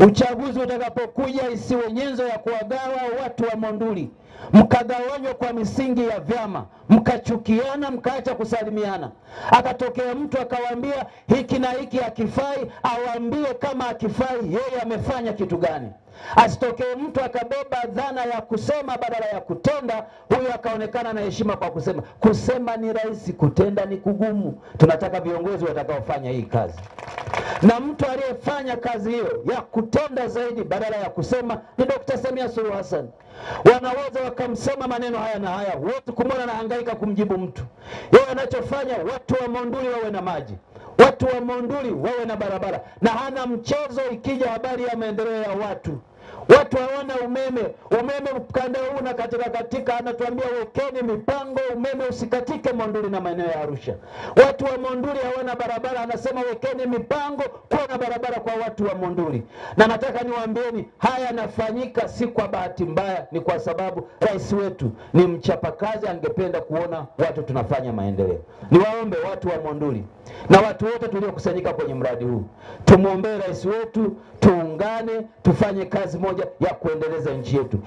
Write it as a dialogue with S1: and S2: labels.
S1: Uchaguzi utakapokuja isiwe nyenzo ya kuwagawa watu wa Monduli, mkagawanywa kwa misingi ya vyama, mkachukiana, mkaacha kusalimiana. Akatokea mtu akawaambia hiki na hiki akifai awaambie kama akifai yeye amefanya kitu gani. Asitokee mtu akabeba dhana ya kusema badala ya kutenda, huyo akaonekana na heshima kwa kusema. Kusema ni rahisi, kutenda ni kugumu. Tunataka viongozi watakaofanya hii kazi na mtu aliyefanya kazi hiyo ya kutenda zaidi badala ya kusema ni Dkt. Samia Suluhu Hassan. Wanaweza wakamsema maneno haya na haya wote, kumwona nahangaika kumjibu mtu. Yeye anachofanya watu wa Monduli wawe na maji, watu wa Monduli wawe na barabara, na hana mchezo ikija habari ya maendeleo ya watu watu hawana umeme. Umeme mkanda huu na katika katika, anatuambia wekeni mipango umeme usikatike Monduli na maeneo ya Arusha. Watu wa Monduli hawana barabara, anasema wekeni mipango kuwa na barabara kwa watu wa Monduli. Na nataka niwaambieni haya yanafanyika si kwa bahati mbaya, ni kwa sababu rais wetu ni mchapakazi, angependa kuona watu tunafanya maendeleo. Niwaombe watu wa Monduli na watu wote tuliokusanyika kwenye mradi huu, tumwombee rais wetu, tuungane, tufanye kazi moja ya kuendeleza nchi yetu.